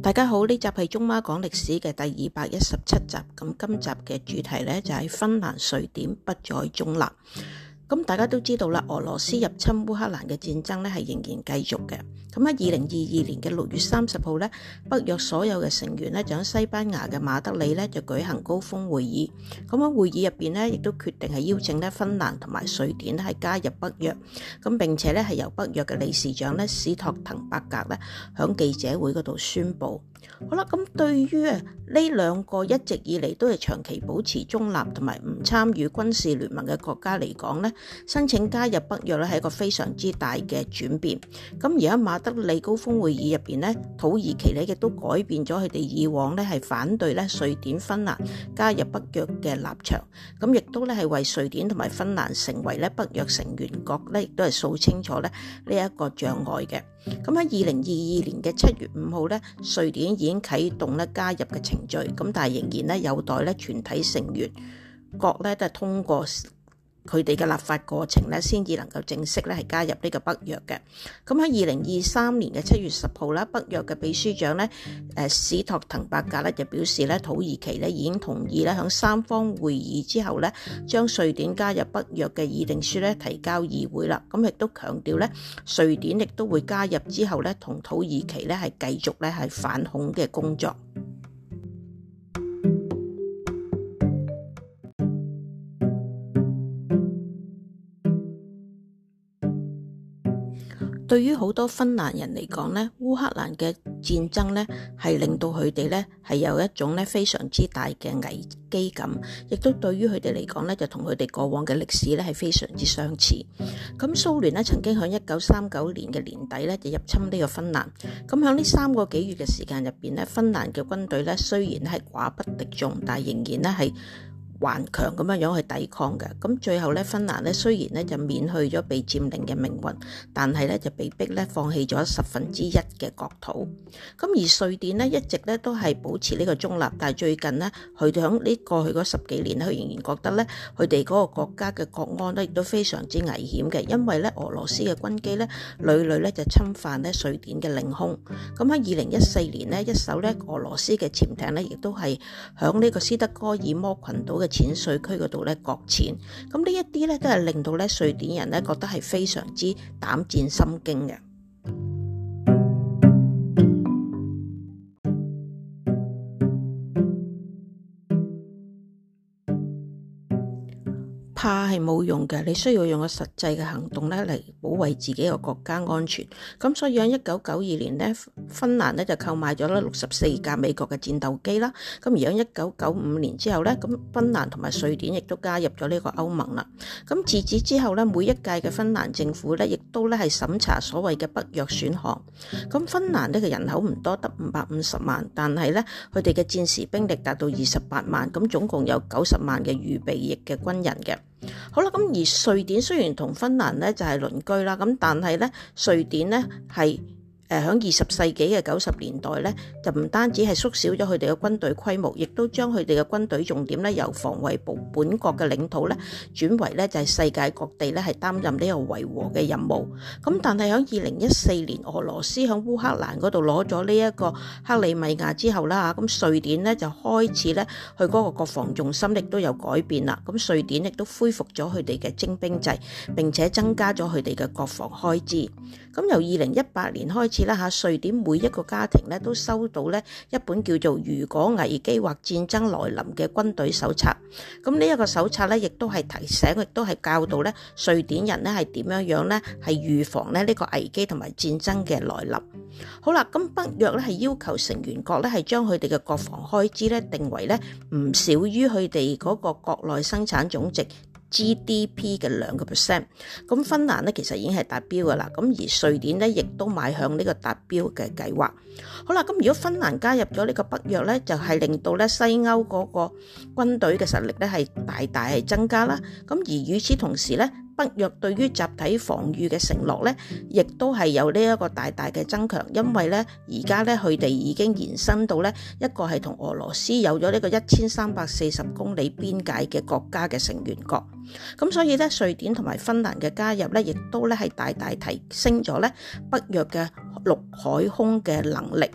大家好，呢集係中媽講歷史嘅第二百一十七集。咁今集嘅主題呢就係芬蘭瑞典不再中立。咁大家都知道啦，俄羅斯入侵烏克蘭嘅戰爭咧係仍然繼續嘅。咁喺二零二二年嘅六月三十號咧，北約所有嘅成員咧就喺西班牙嘅馬德里咧就舉行高峰會議。咁喺會議入邊咧，亦都決定係邀請咧芬蘭同埋瑞典咧係加入北約。咁並且咧係由北約嘅理事長咧史托騰伯格咧喺記者會嗰度宣布。好啦，咁對於啊呢兩個一直以嚟都係長期保持中立同埋唔參與軍事聯盟嘅國家嚟講咧，申請加入北約咧係一個非常之大嘅轉變。咁而家馬德里高峰會議入邊咧，土耳其咧亦都改變咗佢哋以往咧係反對咧瑞典、芬蘭加入北約嘅立場。咁亦都咧係為瑞典同埋芬蘭成為咧北約成員國咧，亦都係掃清楚咧呢一個障礙嘅。咁喺二零二二年嘅七月五號咧，瑞典已經啟動咧加入嘅程序，咁但係仍然咧有待咧全體成員國咧都係通過。佢哋嘅立法過程咧，先至能夠正式咧係加入呢個北約嘅。咁喺二零二三年嘅七月十號啦，北約嘅秘書長咧，誒史托騰伯格咧就表示咧土耳其咧已經同意咧響三方會議之後咧將瑞典加入北約嘅議定書咧提交議會啦。咁亦都強調咧瑞典亦都會加入之後咧同土耳其咧係繼續咧係反恐嘅工作。對於好多芬蘭人嚟講咧，烏克蘭嘅戰爭咧係令到佢哋咧係有一種咧非常之大嘅危機感，亦都對於佢哋嚟講咧就同佢哋過往嘅歷史咧係非常之相似。咁蘇聯咧曾經響一九三九年嘅年底咧就入侵呢個芬蘭，咁響呢三個幾月嘅時間入邊咧，芬蘭嘅軍隊咧雖然係寡不敵眾，但係仍然咧係。頑強咁樣樣去抵抗嘅，咁最後咧芬蘭咧雖然咧就免去咗被佔領嘅命運，但係咧就被逼咧放棄咗十分之一嘅國土。咁而瑞典呢，一直咧都係保持呢個中立，但係最近呢，佢響呢過去嗰十幾年咧，佢仍然覺得咧佢哋嗰個國家嘅國安咧亦都非常之危險嘅，因為咧俄羅斯嘅軍機咧屢屢咧就侵犯咧瑞典嘅領空。咁喺二零一四年呢，一艘咧俄羅斯嘅潛艇咧亦都係響呢個斯德哥爾摩群島嘅。淺水區嗰度咧擱淺，咁呢一啲咧都係令到咧瑞典人咧覺得係非常之膽戰心驚嘅。怕係冇用嘅，你需要用個實際嘅行動咧嚟保衞自己嘅國家安全。咁所以，喺一九九二年咧，芬蘭咧就購買咗呢六十四架美國嘅戰鬥機啦。咁而喺一九九五年之後咧，咁芬蘭同埋瑞典亦都加入咗呢個歐盟啦。咁自此之後咧，每一屆嘅芬蘭政府咧，亦都咧係審查所謂嘅北約選項。咁芬蘭呢個人口唔多，得五百五十萬，但係咧佢哋嘅戰時兵力達到二十八萬，咁總共有九十萬嘅預備役嘅軍人嘅。好啦，咁而瑞典雖然同芬蘭咧就係鄰居啦，咁但係咧瑞典咧係，誒喺二十世紀嘅九十年代呢就唔單止係縮小咗佢哋嘅軍隊規模，亦都將佢哋嘅軍隊重點呢由防衛部本國嘅領土呢轉為呢就係世界各地呢係擔任呢個維和嘅任務。咁但係喺二零一四年，俄羅斯喺烏克蘭嗰度攞咗呢一個克里米亞之後啦嚇，咁瑞典呢，就開始呢佢嗰個國防重心亦都有改變啦。咁瑞典亦都恢復咗佢哋嘅徵兵制，並且增加咗佢哋嘅國防開支。咁由二零一八年開始，啦嚇，瑞典每一個家庭咧都收到咧一本叫做《如果危機或戰爭來臨》嘅軍隊手冊。咁呢一個手冊咧，亦都係提醒，亦都係教導咧瑞典人咧係點樣樣咧係預防咧呢個危機同埋戰爭嘅來臨。好啦，咁北約咧係要求成員國咧係將佢哋嘅國防開支咧定為咧唔少於佢哋嗰個國內生產總值，GDP 嘅兩個 percent，咁芬蘭咧其實已經係達標噶啦，咁而瑞典咧亦都邁向呢個達標嘅計劃。好啦，咁如果芬蘭加入咗呢個北約咧，就係、是、令到咧西歐嗰個軍隊嘅實力咧係大大係增加啦。咁而與此同時咧。北約對於集體防禦嘅承諾咧，亦都係有呢一個大大嘅增強，因為咧而家咧佢哋已經延伸到咧一個係同俄羅斯有咗呢個一千三百四十公里邊界嘅國家嘅成員國，咁所以咧瑞典同埋芬蘭嘅加入咧，亦都咧係大大提升咗咧北約嘅陸海空嘅能力，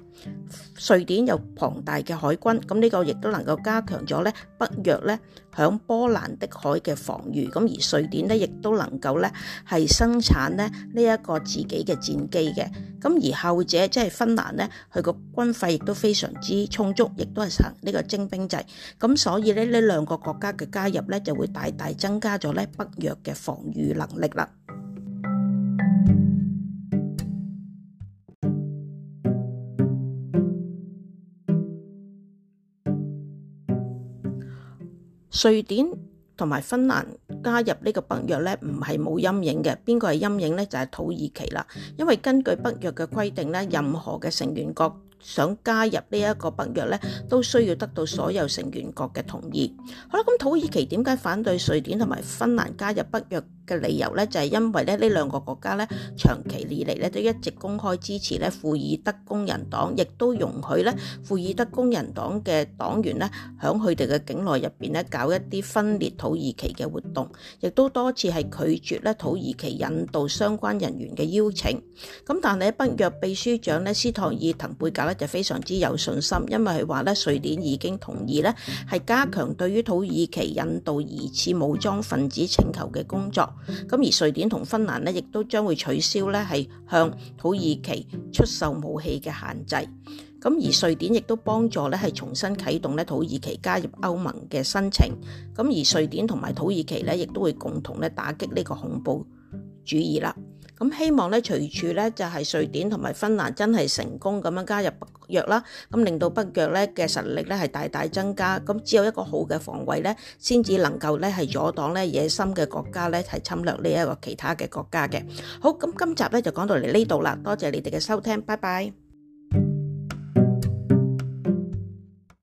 瑞典有龐大嘅海軍，咁呢個亦都能夠加強咗咧北約咧響波羅的海嘅防禦，咁而瑞典咧亦都能夠咧係生產咧呢一個自己嘅戰機嘅，咁而後者即係芬蘭咧，佢個軍費亦都非常之充足，亦都係實行呢個徵兵制，咁所以咧呢兩個國家嘅加入咧就會大大增加咗咧北約嘅防禦能力啦。瑞典同埋芬蘭加入呢個北約咧，唔係冇陰影嘅。邊個係陰影咧？就係土耳其啦。因為根據北約嘅規定咧，任何嘅成員國想加入呢一個北約咧，都需要得到所有成員國嘅同意。好啦，咁土耳其點解反對瑞典同埋芬蘭加入北約？嘅理由呢，就係因為咧呢兩個國家呢，長期以嚟呢都一直公開支持呢庫爾德工人黨，亦都容許呢庫爾德工人黨嘅黨員呢響佢哋嘅境內入邊呢搞一啲分裂土耳其嘅活動，亦都多次係拒絕呢土耳其引渡相關人員嘅邀請。咁但係呢北約秘書長呢斯托爾滕貝格呢就非常之有信心，因為佢話呢瑞典已經同意呢係加強對於土耳其引渡疑似武裝分子請求嘅工作。咁而瑞典同芬蘭咧，亦都將會取消咧係向土耳其出售武器嘅限制。咁而瑞典亦都幫助咧係重新啟動咧土耳其加入歐盟嘅申請。咁而瑞典同埋土耳其咧，亦都會共同咧打擊呢個恐怖主義啦。咁希望咧，隨住咧就係瑞典同埋芬蘭真係成功咁樣加入北約啦，咁令到北約咧嘅實力咧係大大增加，咁只有一個好嘅防衞咧，先至能夠咧係阻擋咧野心嘅國家咧係侵略呢一個其他嘅國家嘅。好，咁今集咧就講到嚟呢度啦，多謝你哋嘅收聽，拜拜。